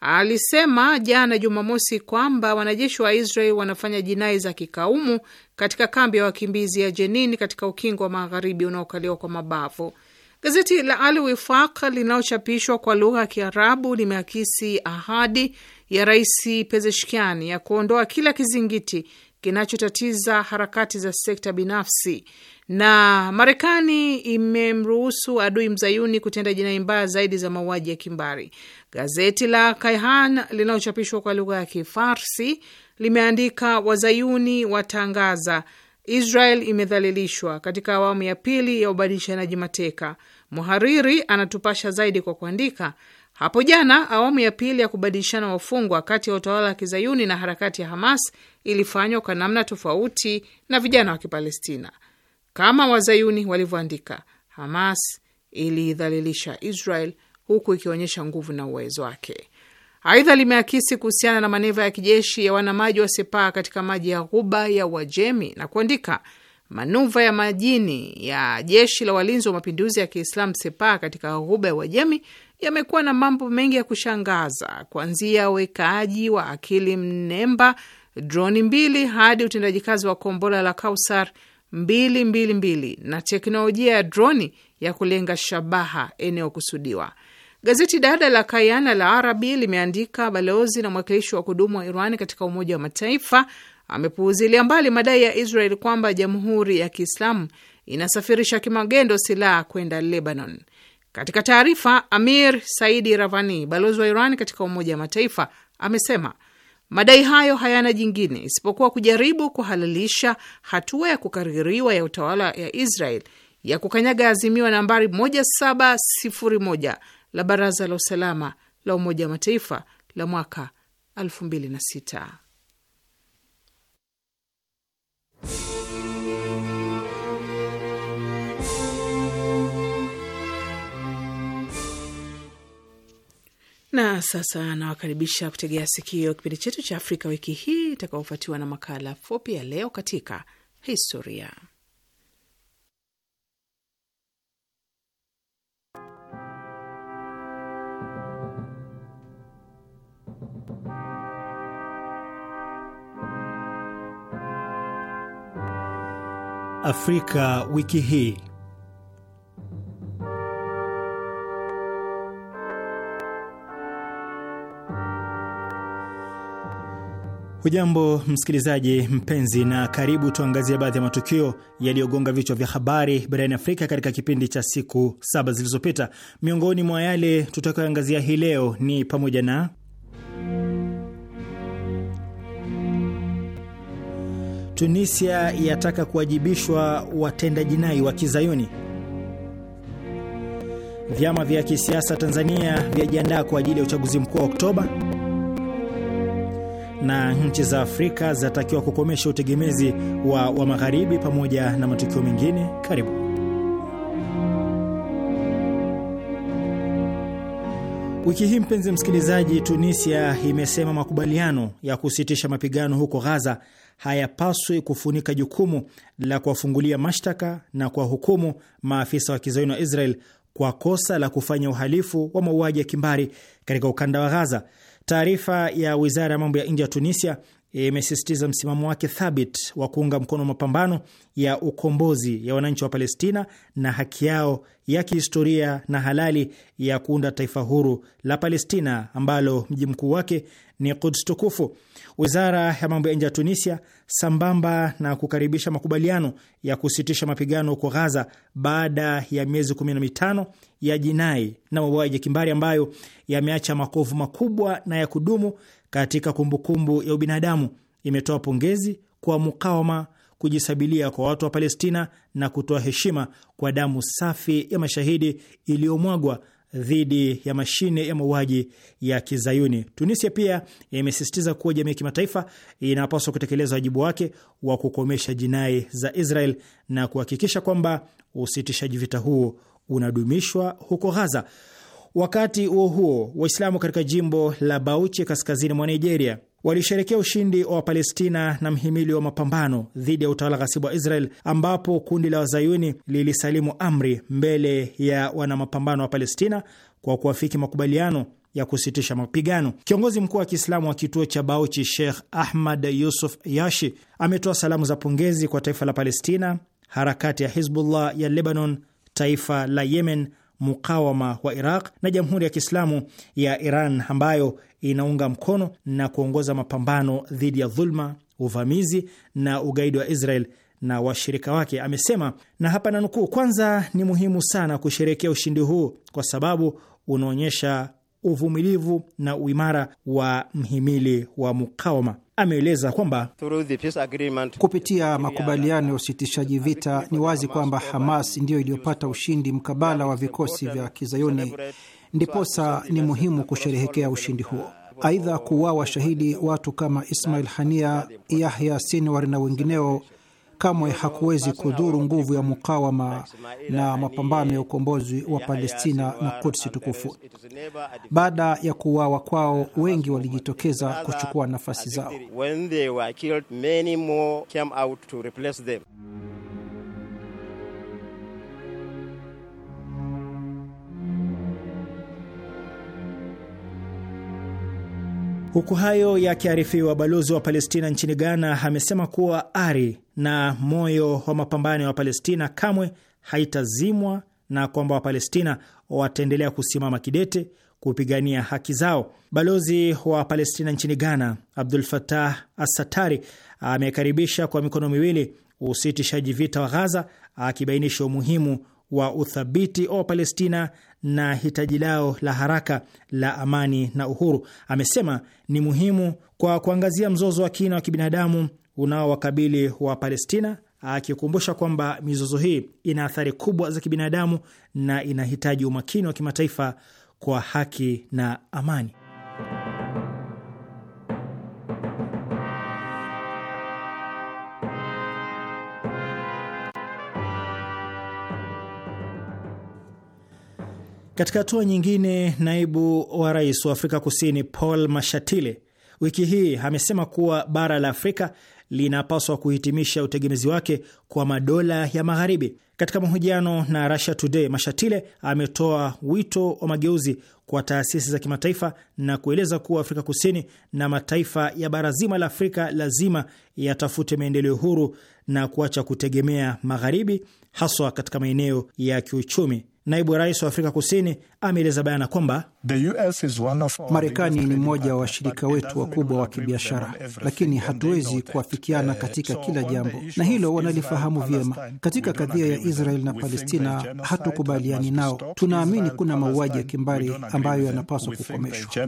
alisema jana Jumamosi kwamba wanajeshi wa Israel wanafanya jinai za kikaumu katika kambi ya wakimbizi ya Jenin katika ukingo wa magharibi unaokaliwa kwa mabavu. Gazeti la Al Wifaq linalochapishwa kwa lugha ya Kiarabu limeakisi ahadi ya Rais Pezeshkian ya kuondoa kila kizingiti kinachotatiza harakati za sekta binafsi, na Marekani imemruhusu adui mzayuni kutenda jinai mbaya zaidi za mauaji ya kimbari. Gazeti la Kaihan linalochapishwa kwa lugha ya Kifarsi limeandika wazayuni watangaza Israel imedhalilishwa katika awamu ya pili ya ubadilishanaji mateka. Mhariri anatupasha zaidi kwa kuandika hapo jana awamu ya pili ya kubadilishana wafungwa kati ya utawala wa kizayuni na harakati ya Hamas ilifanywa kwa namna tofauti na vijana wa Kipalestina. Kama wazayuni walivyoandika, Hamas iliidhalilisha Israel huku ikionyesha nguvu na uwezo wake. Aidha, limeakisi kuhusiana na maneva ya kijeshi ya wanamaji wa Sepaa katika maji ya ghuba ya Uajemi na kuandika manuva ya majini ya jeshi la walinzi wa mapinduzi ya Kiislamu Sepaa katika ghuba ya Uajemi yamekuwa na mambo mengi ya kushangaza, kuanzia uwekaji wa akili mnemba droni mbili hadi utendaji kazi wa kombora la Kausar mbili mbili mbili na teknolojia ya droni ya kulenga shabaha eneo kusudiwa. Gazeti dada la Kayana la Arabi limeandika, balozi na mwakilishi wa kudumu wa Iran katika Umoja wa Mataifa amepuuzilia mbali madai ya Israel kwamba Jamhuri ya Kiislamu inasafirisha kimagendo silaha kwenda Lebanon. Katika taarifa, Amir Saidi Ravani, balozi wa Iran katika Umoja wa Mataifa, amesema madai hayo hayana jingine isipokuwa kujaribu kuhalalisha hatua ya kukaririwa ya utawala ya Israel ya kukanyaga azimio nambari 1701 la Baraza la Usalama la Umoja wa Mataifa la mwaka 2006. Na sasa nawakaribisha kutegea sikio kipindi chetu cha Afrika wiki hii itakaofuatiwa na makala fupi ya leo katika historia. Afrika wiki hii. Hujambo msikilizaji mpenzi, na karibu tuangazie baadhi ya matukio yaliyogonga vichwa vya habari barani Afrika katika kipindi cha siku saba zilizopita. Miongoni mwa yale tutakayoangazia hii leo ni pamoja na Tunisia yataka kuwajibishwa watenda jinai wa Kizayuni, vyama vya kisiasa Tanzania vyajiandaa kwa ajili ya uchaguzi mkuu wa Oktoba na nchi za Afrika zinatakiwa kukomesha utegemezi wa wa magharibi pamoja na matukio mengine. Karibu. Wiki hii mpenzi msikilizaji, Tunisia imesema makubaliano ya kusitisha mapigano huko Ghaza hayapaswi kufunika jukumu la kuwafungulia mashtaka na kuwahukumu maafisa wa kizayuni wa Israel kwa kosa la kufanya uhalifu wa mauaji ya kimbari katika ukanda wa Ghaza. Taarifa ya wizara ya mambo ya nje ya Tunisia imesisitiza msimamo wake thabit wa kuunga mkono mapambano ya ukombozi ya wananchi wa Palestina na haki yao ya kihistoria na halali ya kuunda taifa huru la Palestina ambalo mji mkuu wake ni Kuds tukufu. Wizara ya mambo ya nje ya Tunisia, sambamba na kukaribisha makubaliano ya kusitisha mapigano huko Ghaza baada ya miezi 15 ya jinai na mauaji ya kimbari ambayo yameacha makovu makubwa na ya kudumu katika kumbukumbu ya ubinadamu imetoa pongezi kwa mukawama kujisabilia kwa watu wa Palestina na kutoa heshima kwa damu safi ya mashahidi iliyomwagwa dhidi ya mashine ya mauaji ya Kizayuni. Tunisia pia imesisitiza kuwa jamii ya kimataifa inapaswa kutekeleza wajibu wake wa kukomesha jinai za Israel na kuhakikisha kwamba usitishaji vita huo unadumishwa huko Ghaza. Wakati huo huo, Waislamu katika jimbo la Bauchi kaskazini mwa Nigeria walisherekea ushindi wa wapalestina na mhimili wa mapambano dhidi ya utawala ghasibu wa Israel, ambapo kundi la wazayuni lilisalimu amri mbele ya wanamapambano wa Palestina kwa kuafiki makubaliano ya kusitisha mapigano. Kiongozi mkuu wa Kiislamu wa kituo cha Bauchi, Sheikh Ahmad Yusuf Yashi, ametoa salamu za pongezi kwa taifa la Palestina, harakati ya Hizbullah ya Lebanon, taifa la Yemen mukawama wa Iraq na Jamhuri ya Kiislamu ya Iran ambayo inaunga mkono na kuongoza mapambano dhidi ya dhulma, uvamizi na ugaidi wa Israel na washirika wake. Amesema na hapa nanukuu, kwanza ni muhimu sana kusherekea ushindi huu kwa sababu unaonyesha uvumilivu na uimara wa mhimili wa mukawama. Ameeleza kwamba kupitia makubaliano ya usitishaji vita ni wazi kwamba Hamas ndiyo iliyopata ushindi mkabala wa vikosi vya Kizayuni, ndiposa ni muhimu kusherehekea ushindi huo. Aidha, kuuawa shahidi watu kama Ismail Hania, Yahya Sinwar na wengineo kamwe hakuwezi kudhuru nguvu ya mukawama na mapambano ya ukombozi wa Palestina na Kudsi tukufu. Baada ya kuuawa kwao, wengi walijitokeza kuchukua nafasi zao. Huku hayo yakiarifiwa, balozi wa Palestina nchini Ghana amesema kuwa ari na moyo wa mapambano ya Wapalestina kamwe haitazimwa na kwamba Wapalestina wataendelea kusimama kidete kupigania haki zao. Balozi wa Palestina nchini Ghana, Abdul Fatah Assatari, amekaribisha kwa mikono miwili usitishaji vita wa Ghaza, akibainisha umuhimu wa uthabiti wa Palestina na hitaji lao la haraka la amani na uhuru. Amesema ni muhimu kwa kuangazia mzozo wa kina wa kibinadamu unaowakabili wa Palestina, akikumbusha kwamba mizozo hii ina athari kubwa za kibinadamu na inahitaji umakini wa kimataifa kwa haki na amani. Katika hatua nyingine, naibu wa rais wa Afrika Kusini Paul Mashatile wiki hii amesema kuwa bara la Afrika linapaswa kuhitimisha utegemezi wake kwa madola ya Magharibi. Katika mahojiano na Russia Today, Mashatile ametoa wito wa mageuzi kwa taasisi za kimataifa na kueleza kuwa Afrika Kusini na mataifa ya bara zima la Afrika lazima yatafute maendeleo huru na kuacha kutegemea Magharibi, haswa katika maeneo ya kiuchumi. Naibu rais wa Afrika Kusini ameeleza bayana kwamba Marekani ni mmoja wa washirika wetu wakubwa wa kibiashara, lakini hatuwezi kuafikiana uh, katika kila jambo, na hilo wanalifahamu vyema. Katika kadhia ya Israel na Palestina hatukubaliani nao. Tunaamini kuna mauaji ya kimbari ambayo yanapaswa kukomeshwa.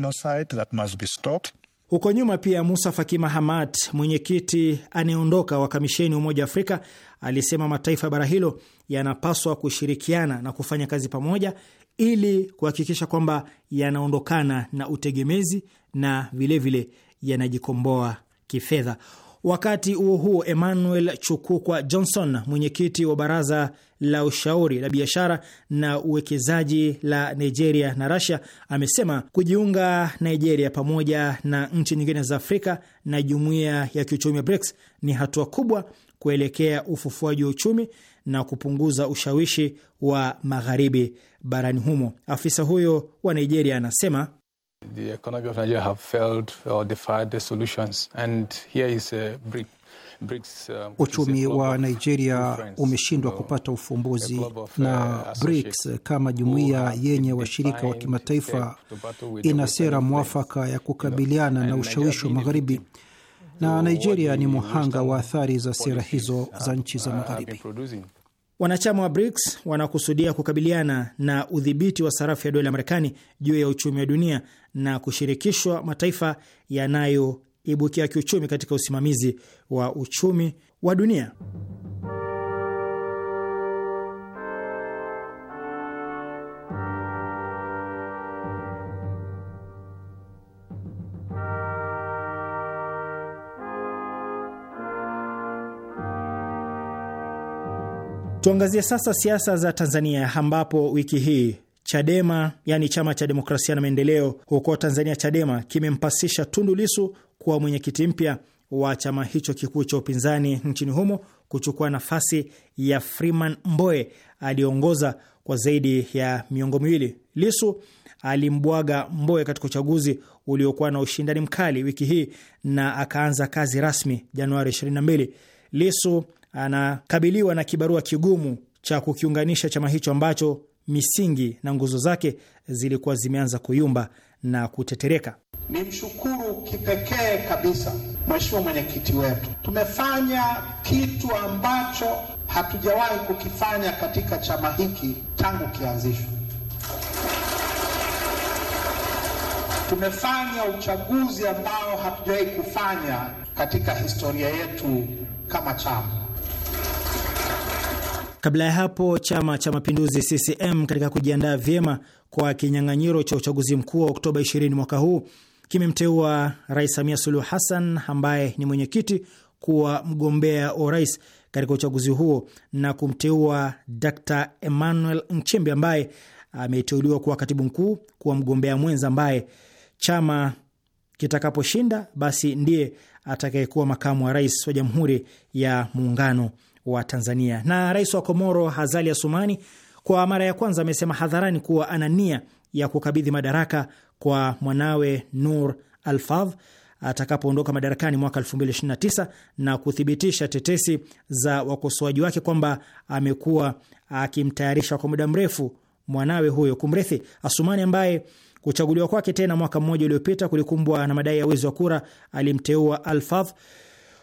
Huko nyuma pia, Musa Faki Mahamat, mwenyekiti anayeondoka wa kamisheni Umoja wa Afrika, alisema mataifa ya bara hilo yanapaswa kushirikiana na kufanya kazi pamoja ili kuhakikisha kwamba yanaondokana na utegemezi na vilevile yanajikomboa kifedha. Wakati huo huo, Emmanuel Chukukwa Johnson, mwenyekiti wa baraza la ushauri la biashara na uwekezaji la Nigeria na Russia, amesema kujiunga Nigeria pamoja na nchi nyingine za Afrika na jumuiya ya kiuchumi ya BRICS ni hatua kubwa kuelekea ufufuaji wa uchumi na kupunguza ushawishi wa magharibi barani humo. Afisa huyo wa Nigeria anasema The economy of Nigeria have failed or defied the solutions. And here is a brick. Uh, Uchumi wa Nigeria umeshindwa kupata ufumbuzi na BRICS uh, kama jumuiya yenye washirika wa kimataifa ina sera mwafaka ya kukabiliana na ushawishi wa magharibi na Nigeria ni muhanga wa athari za sera hizo za nchi za uh, magharibi. Wanachama wa BRICS wanakusudia kukabiliana na udhibiti wa sarafu ya dola ya Marekani juu ya uchumi wa dunia na kushirikishwa mataifa yanayoibukia kiuchumi katika usimamizi wa uchumi wa dunia. Tuangazie sasa siasa za Tanzania ambapo wiki hii Chadema yani chama cha demokrasia na maendeleo huko Tanzania, Chadema kimempasisha Tundu Lisu kuwa mwenyekiti mpya wa chama hicho kikuu cha upinzani nchini humo kuchukua nafasi ya Freeman Mboe aliyeongoza kwa zaidi ya miongo miwili. Lisu alimbwaga Mboe katika uchaguzi uliokuwa na ushindani mkali wiki hii na akaanza kazi rasmi Januari 22. Lisu anakabiliwa na kibarua kigumu cha kukiunganisha chama hicho ambacho misingi na nguzo zake zilikuwa zimeanza kuyumba na kutetereka. Ni mshukuru kipekee kabisa Mheshimiwa mwenyekiti wetu, tumefanya kitu ambacho hatujawahi kukifanya katika chama hiki tangu kianzishwa. Tumefanya uchaguzi ambao hatujawahi kufanya katika historia yetu kama chama. Kabla ya hapo, chama cha mapinduzi CCM katika kujiandaa vyema kwa kinyang'anyiro cha uchaguzi mkuu wa Oktoba 20 mwaka huu kimemteua Rais Samia Suluhu Hassan ambaye ni mwenyekiti kuwa mgombea wa urais katika uchaguzi huo na kumteua Dr Emmanuel Nchimbi ambaye ameteuliwa kuwa katibu mkuu kuwa mgombea mwenza ambaye chama kitakaposhinda basi ndiye atakayekuwa makamu wa rais wa Jamhuri ya Muungano wa Tanzania. Na rais wa Komoro Hazali Asumani kwa mara ya kwanza amesema hadharani kuwa ana nia ya kukabidhi madaraka kwa mwanawe Nur Alfav atakapoondoka madarakani mwaka 2029 na kuthibitisha tetesi za wakosoaji wake kwamba amekuwa akimtayarisha kwa muda mrefu mwanawe huyo kumrithi. Asumani ambaye kuchaguliwa kwake tena mwaka mmoja uliopita kulikumbwa na madai ya wizi wa kura, alimteua Alfav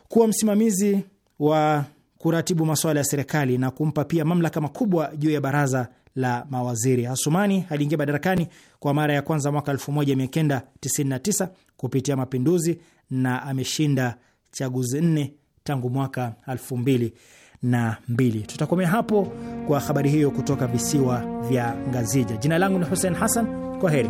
kuwa msimamizi wa kuratibu masuala ya serikali na kumpa pia mamlaka makubwa juu ya baraza la mawaziri. Asumani aliingia madarakani kwa mara ya kwanza mwaka 1999 kupitia mapinduzi na ameshinda chaguzi nne tangu mwaka 2002. Tutakomea hapo kwa habari hiyo kutoka visiwa vya Ngazija. Jina langu ni Hussein Hassan, kwa heri.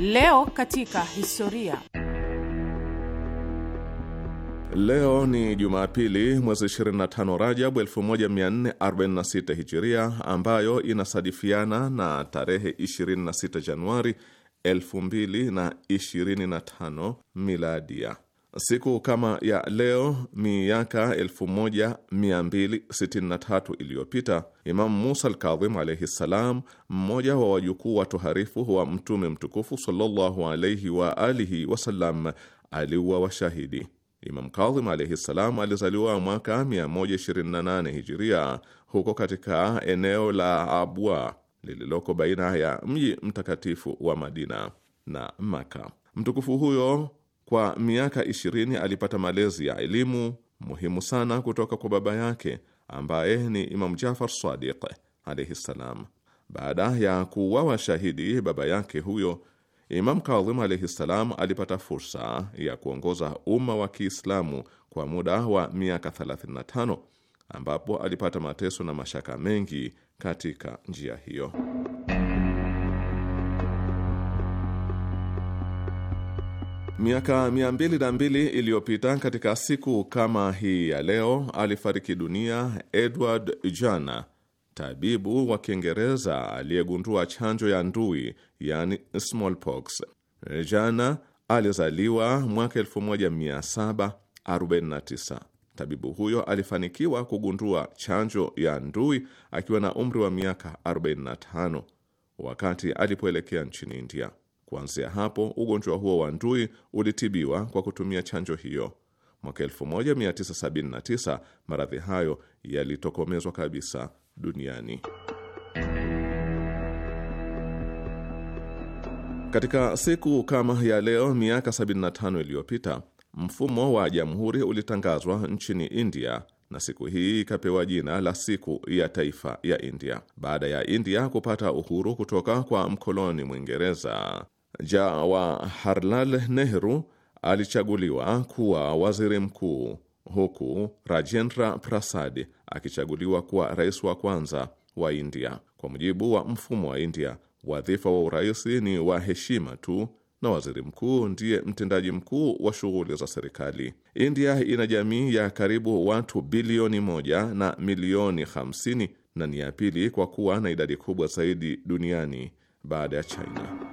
Leo katika historia. Leo ni Jumapili, mwezi 25 Rajab 1446 Hijiria, ambayo inasadifiana na tarehe 26 Januari 2025 Miladia. Siku kama ya leo miaka 1263 iliyopita Imamu Musa Alkadhim alaihi ssalam, mmoja wa wajukuu watoharifu wa Mtume mtukufu sallallahu alaihi wa alihi wasallam, aliuwa washahidi. Imam Kadhim alaihi ssalam alizaliwa mwaka 128 hijiria huko katika eneo la Abwa lililoko baina ya mji mtakatifu wa Madina na Maka. Mtukufu huyo kwa miaka ishirini alipata malezi ya elimu muhimu sana kutoka kwa baba yake ambaye ni Imam Jafar Sadiq alaihi ssalam. Baada ya kuuawa shahidi baba yake huyo, Imam Kadhim alaihi ssalam alipata fursa ya kuongoza umma wa Kiislamu kwa muda wa miaka 35 ambapo alipata mateso na mashaka mengi katika njia hiyo. Miaka mia mbili na mbili iliyopita katika siku kama hii ya leo alifariki dunia Edward Jenner, tabibu wa Kiingereza aliyegundua chanjo ya ndui, yani smallpox. Jenner alizaliwa mwaka 1749. Tabibu huyo alifanikiwa kugundua chanjo ya ndui akiwa na umri wa miaka 45 wakati alipoelekea nchini India. Kuanzia hapo ugonjwa huo wa ndui ulitibiwa kwa kutumia chanjo hiyo. Mwaka 1979 maradhi hayo yalitokomezwa kabisa duniani. Katika siku kama ya leo miaka 75 iliyopita mfumo wa jamhuri ulitangazwa nchini India na siku hii ikapewa jina la siku ya taifa ya India baada ya India kupata uhuru kutoka kwa mkoloni Mwingereza Jawaharlal Nehru alichaguliwa kuwa waziri mkuu huku Rajendra Prasad akichaguliwa kuwa rais wa kwanza wa India. Kwa mujibu wa mfumo wa India, wadhifa wa urais ni wa heshima tu na waziri mkuu ndiye mtendaji mkuu wa shughuli za serikali. India ina jamii ya karibu watu bilioni moja na milioni hamsini na ni ya pili kwa kuwa na idadi kubwa zaidi duniani baada ya China.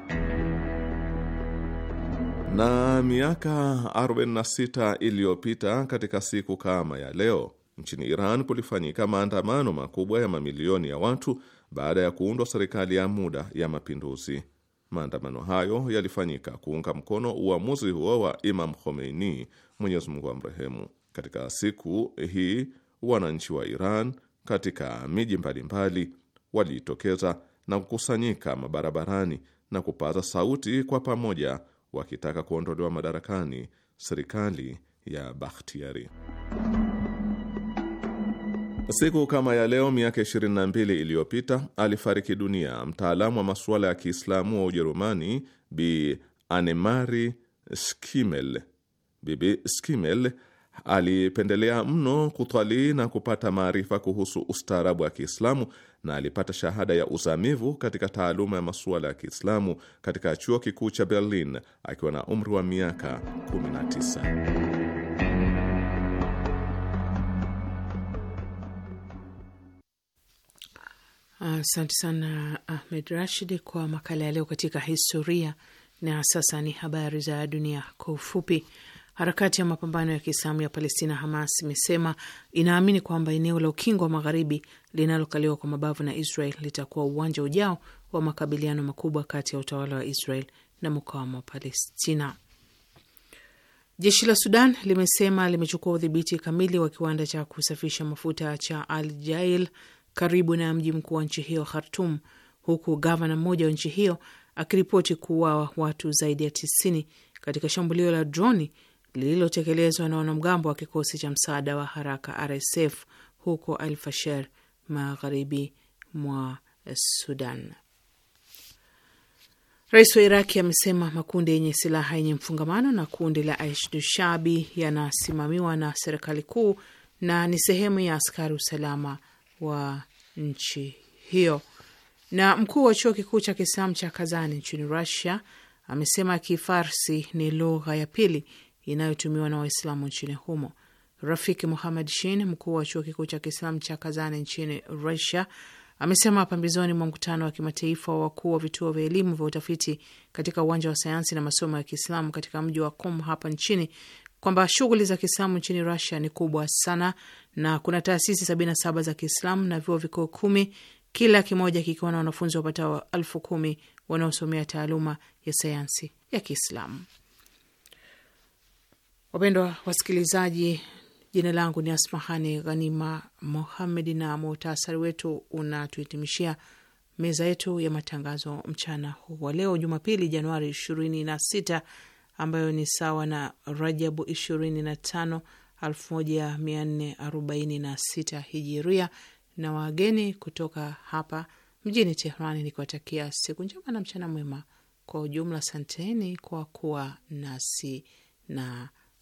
Na miaka 46 iliyopita katika siku kama ya leo nchini Iran kulifanyika maandamano makubwa ya mamilioni ya watu baada ya kuundwa serikali ya muda ya mapinduzi. Maandamano hayo yalifanyika kuunga mkono uamuzi huo wa Imam Khomeini, Mwenyezi Mungu amrehemu. Katika siku hii wananchi wa Iran katika miji mbalimbali walijitokeza na kukusanyika mabarabarani na kupaza sauti kwa pamoja wakitaka kuondolewa madarakani serikali ya Bakhtiari. Siku kama ya leo miaka 22 iliyopita alifariki dunia mtaalamu wa masuala ya Kiislamu wa Ujerumani Bi Anemari Skimel. Bibi Skimel Alipendelea mno kutwali na kupata maarifa kuhusu ustaarabu wa Kiislamu na alipata shahada ya uzamivu katika taaluma ya masuala ya Kiislamu katika chuo kikuu cha Berlin akiwa na umri wa miaka 19. Asante uh, sana Ahmed Rashid kwa makala ya leo katika historia. Na sasa ni habari za dunia kwa ufupi. Harakati ya mapambano ya Kiislamu ya Palestina, Hamas, imesema inaamini kwamba eneo la ukingo wa magharibi linalokaliwa kwa mabavu na Israel litakuwa uwanja ujao wa makabiliano makubwa kati ya utawala wa Israel na mkawama wa Palestina. Jeshi la Sudan limesema limechukua udhibiti kamili wa kiwanda cha kusafisha mafuta cha Al Jail karibu na mji mkuu wa nchi hiyo Khartum, huku gavana mmoja wa nchi hiyo akiripoti kuuawa watu zaidi ya tisini katika shambulio la droni lililotekelezwa na wanamgambo wa kikosi cha msaada wa haraka RSF huko alfasher magharibi mwa Sudan. Rais wa Iraki amesema makundi yenye silaha yenye mfungamano na kundi la Ashdushabi yanasimamiwa na serikali kuu na ni sehemu ya askari usalama wa nchi hiyo. Na mkuu wa chuo kikuu cha Kiislamu cha Kazani nchini rusia amesema Kifarsi ni lugha ya pili inayotumiwa na Waislamu nchini humo. Rafiki Muhamad Shin, mkuu wa chuo kikuu cha Kiislamu cha Kazani nchini Russia, amesema pembezoni mwa mkutano wa kimataifa wa wakuu wa vituo vya elimu vya utafiti katika uwanja wa sayansi na masomo ya Kiislamu katika mji wa Qom hapa nchini kwamba shughuli za Kiislamu nchini Russia ni kubwa sana na kuna taasisi 77 za Kiislamu na vyuo vikuu kumi, kila kimoja kikiwa na wanafunzi wapatao elfu kumi wanaosomea taaluma ya sayansi ya Kiislamu. Wapendwa wasikilizaji, jina langu ni Asmahani Ghanima Mohamed, na muhtasari wetu unatuhitimishia meza yetu ya matangazo mchana huu wa leo Jumapili, Januari 26 ambayo ni sawa na Rajabu 25 1446 Hijiria, na wageni kutoka hapa mjini Tehrani, nikiwatakia siku njema na mchana mwema kwa ujumla. Santeni kwa kuwa nasi na